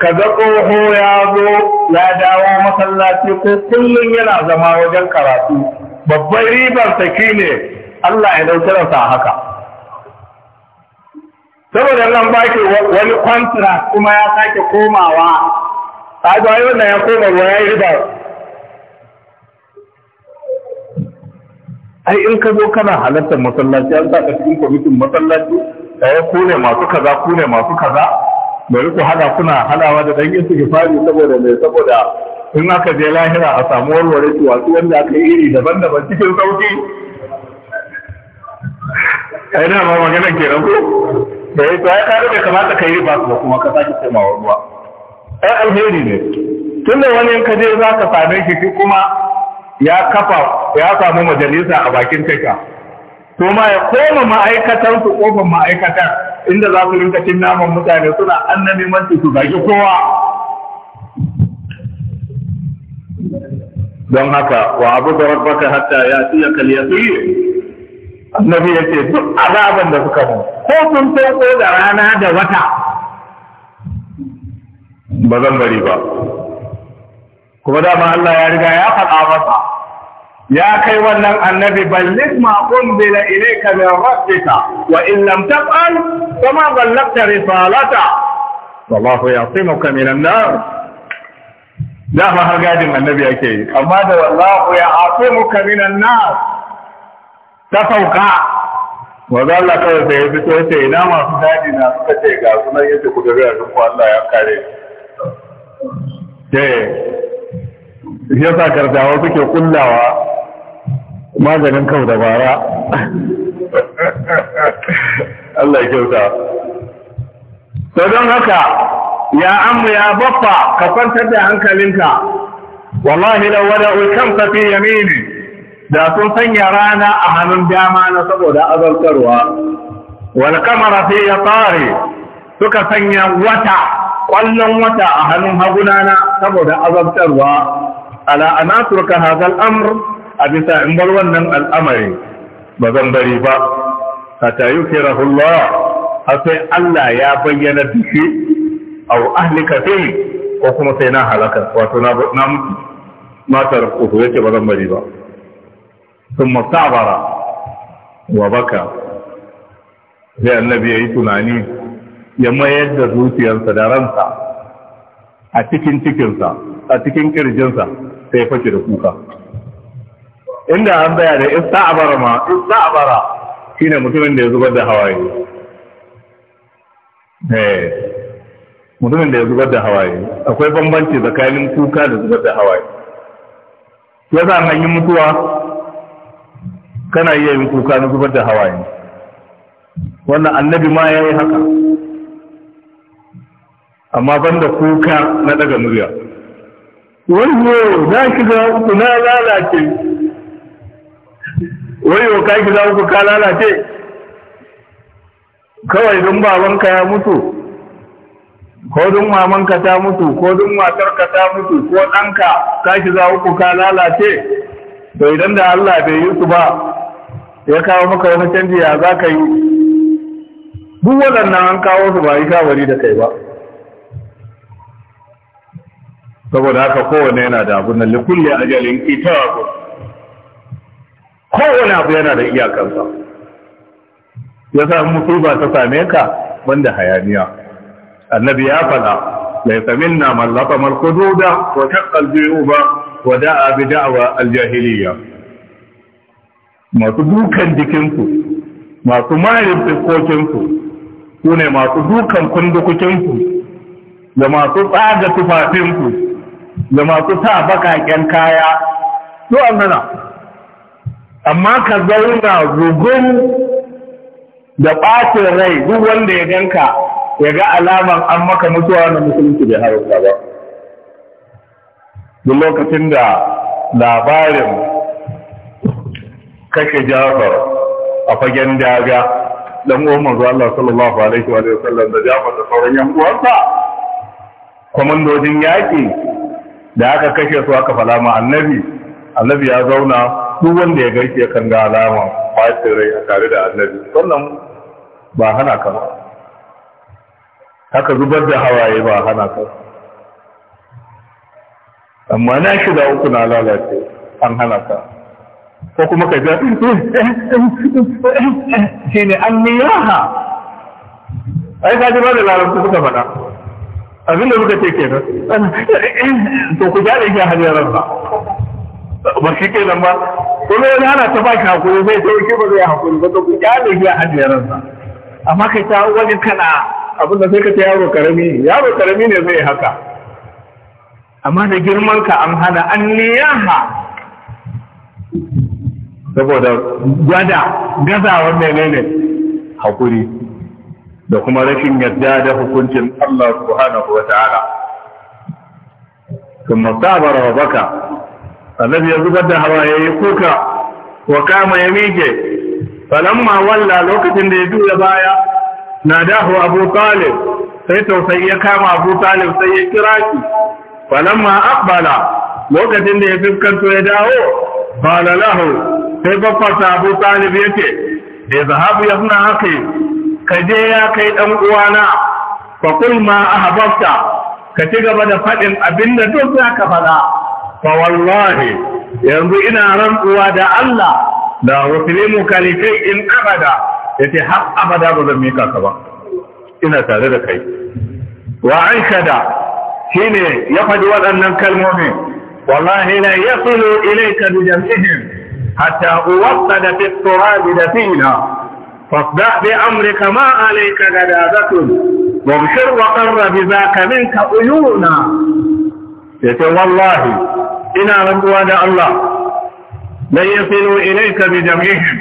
S1: kaga tsoho ya zo ya dawo masallaci ko kullum yana zama wajen karatu babban ribar saki ne Allah ya dauke rasa haka saboda nan ba ke wani contract kuma ya sake komawa ta ga yau ya koma ruwa ya riba ai in ka zo kana halartar masallaci an saka cikin kwamitin masallaci ɗaya ku ne masu kaza ku ne masu kaza bari ku hada kuna halawa da ɗan gifari saboda mai saboda in aka je lahira a samu warware wasu wanda aka yi iri daban-daban cikin sauki ai na ma magana kenan ko da ya ta ka da kamata ka yi ba kuma ka sake komawa ruwa ai alheri ne tunda wani in ka je za ka same shi kuma ya kafa ya samu majalisa a bakin teka to ma ya koma ma'aikatar su kofar ma'aikatar inda za su rinka cin naman mutane suna annabi mantu su zaki kowa don haka wa abu da rabbaka hatta ya tiya kal yasir annabi ce duk azaban da suka mu ko sun tsoko da rana da wata ba zan bari ba kuma dama Allah ya riga ya faɗa masa ya kai wannan annabi balligh ma unzila ilayka min rabbika wa in lam taf'al kama ballagta risalata wallahu ya'timuka min an-nar da ma har gadin annabi yake yi amma da wallahu ya'timuka min an-nar ta sauka wanda Allah kawai sai ya fito sai na ina masu gadi na suka ce ga sunan yadda kudurar duk Allah ya kare ke yasa karjawa suke kullawa maganin kau da bara Allah kyauta to don haka ya amu ya baffa ka kwantar da hankalinka wallahi da wada'u shamsa fi yamini da sun sanya rana a hannun dama na saboda azalkarwa wal qamara fi yatari suka sanya wata kwallon wata a hannun haguna na saboda azalkarwa ala anaturka hadal amr a bisa in bar wannan al'amari ba zan bari ba hatta yukirahullah har sai Allah ya bayyana da shi aw ahlika fi ko kuma sai na halaka wato na mutu matar uku yace ba zan bari ba thumma sabara wa baka sai annabi yayi tunani ya mayar da zuciyarsa da ransa a cikin cikinsa a cikin kirjinsa sai fashe da kuka inda an baya da ista'bara ma ista'bara shine mutumin da ya zubar da hawaye eh mutumin da ya zubar da hawaye akwai bambanci tsakanin kuka da zubar da hawaye ya za hanyi mutuwa kana iya yin kuka na zubar da hawaye wannan annabi ma ya yi haka amma banda kuka na daga murya wani na shiga uku na lalace wai yau ka ki za ku ka lalace kawai don babanka ya mutu ko don mamanka ta mutu ko don matarka ta mutu ko ɗanka ka ki za ku ka lalace to idan da Allah bai yi su ba ya kawo maka wani canji ya za ka yi duk waɗannan an kawo su ba yi shawari da kai ba saboda haka kowane yana da abin na likulli ajalin ita kowane abu yana da iyakansa ya sa musiba ta same ka banda hayaniya annabi ya faɗa ليس wa من لطم wa da'a bi da'wa al jahiliya masu dukan jikinsu, masu mayin fiskokinku su ne masu dukan kundukukinku da masu tsaga tufafinku da masu sa bakaken kaya su an amma ka zauna rugun da ɓacin rai duk wanda ya ganka ya ga alaman an maka mutuwa na musulunci bai haruka ba duk lokacin da labarin kashe jafar a fagen daga dan umar zuwa Allah sallallahu alaihi wa sallam da jafar da sauran yan uwansa kwamandojin yaƙi da aka kashe su aka falama annabi annabi ya zauna duk wanda ya gaishe kan ga alama fatin rai a tare da annabi wannan ba hana ka ba haka zubar da hawaye ba hana ka amma na shiga uku na lalace an hana ka ko kuma ka ga eh, eh, eh, shi ne an niyaha ai ka ji ba da lalace suka faɗa abinda suka ce kenan to ku gyara shi a hanyar ba ba shi ke nan ba kuma wani ana ta baki hakuri zai ta shi ba zai hakuri ba ta ku kyale shi a hajjiyar amma kai ta wani kana abin da sai ka ta yaro karami yaro karami ne zai haka amma da girman ka an hana an niyaha saboda gwada gazawar menene hakuri da kuma rashin yarda da hukuncin Allah subhanahu wa ta'ala ثم صبر وبكى annabi ya zubar da hawa ya yi kuka wa kama ya mike falamma walla lokacin da ya juya baya na dahu abu talib sai tausayi ya kama abu talib sai ya kira shi falamma aqbala lokacin da ya fuskanto ya dawo qala lahu sai baffata abu talib yace da zahabu ya suna haka ka je ya kai dan uwana fa kul ahbabta ka ci gaba da faɗin abinda duk ka faɗa. fa wallahi yanzu ina rantsuwa da Allah da waslimu kalifai in abada yace har abada ba zan mika ka ba ina tare da kai wa aikada shine ya faɗi waɗannan kalmomi wallahi la yasilu ilayka bi jam'ihim hatta uwassada fi turab dafina فاصدع بأمرك ما عليك غداذة وابشر وقر بذاك منك uyuna. ya ce wallahi ina rantsuwa da Allah lan filo ilayka bi jam'ihim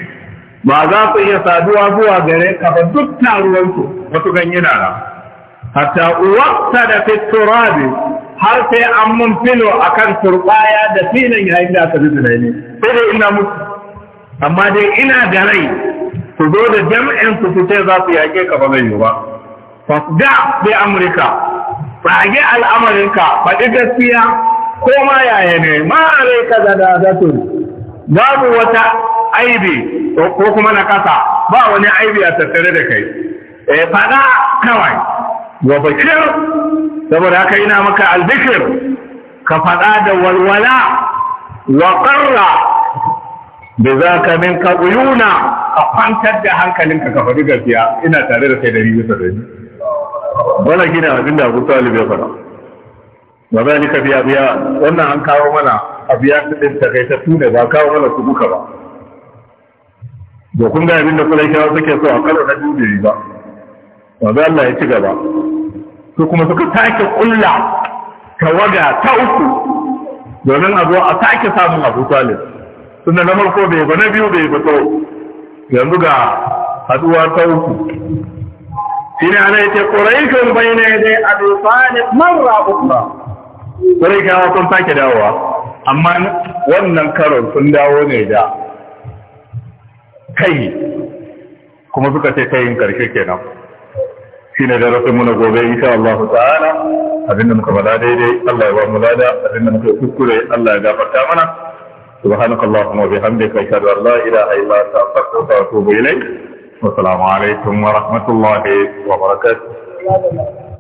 S1: ba za ku iya saduwa zuwa gare ka ba duk taruwanku wasu ganye na ra hatta uwaqta da fitturabi har sai an mun filo akan turbaya da filin yayin da aka bi tunani sai dai ina mutu amma dai ina da rai ku zo da jam'in su fitai za su yaƙe ka ba zai yi ba fasda bi amurka rage al'amarinka faɗi gaskiya ko ma yaya ne ma alaika da dadatun babu wata aibi ko kuma na kasa ba wani aibi a tattare da kai eh faɗa kawai wa bakir
S2: saboda haka ina maka albikir
S1: ka faɗa da walwala wa qarra da za ka min ka uyuna ka kwantar da hankalinka ka faɗi gaskiya ina tare da kai da bisa da ni wala shi ne abin da abu talib ya fara ba za ni ka biya biya wannan an kawo mana a biya ɗin takaitattu ne ba kawo mana su buka ba da kun ga abin da kulaikawa suke so a karo na dubi ba ba Allah ya ci gaba su kuma suka sake kulla waga ta uku domin a a sake samun abu talib tunda na farko bai ba na biyu bai ba to yanzu ga haduwa ta uku shine ana bai quraishun bayna yaday abi ne marra ukhra quraishawa sun sake dawowa amma wannan karon sun dawo ne da kai kuma suka ce kayin karshe kenan shine da mu na gobe isa Allah ta'ala abinda muka faɗa daidai Allah ya ba mu lada abinda muka kuskure Allah ya gafarta mana subhanakallahumma wa bihamdika ashhadu an la ilaha illa anta astaghfiruka wa atubu ilayk Wassalamu alaikum wa rahmatullahi wa
S2: barakatuh.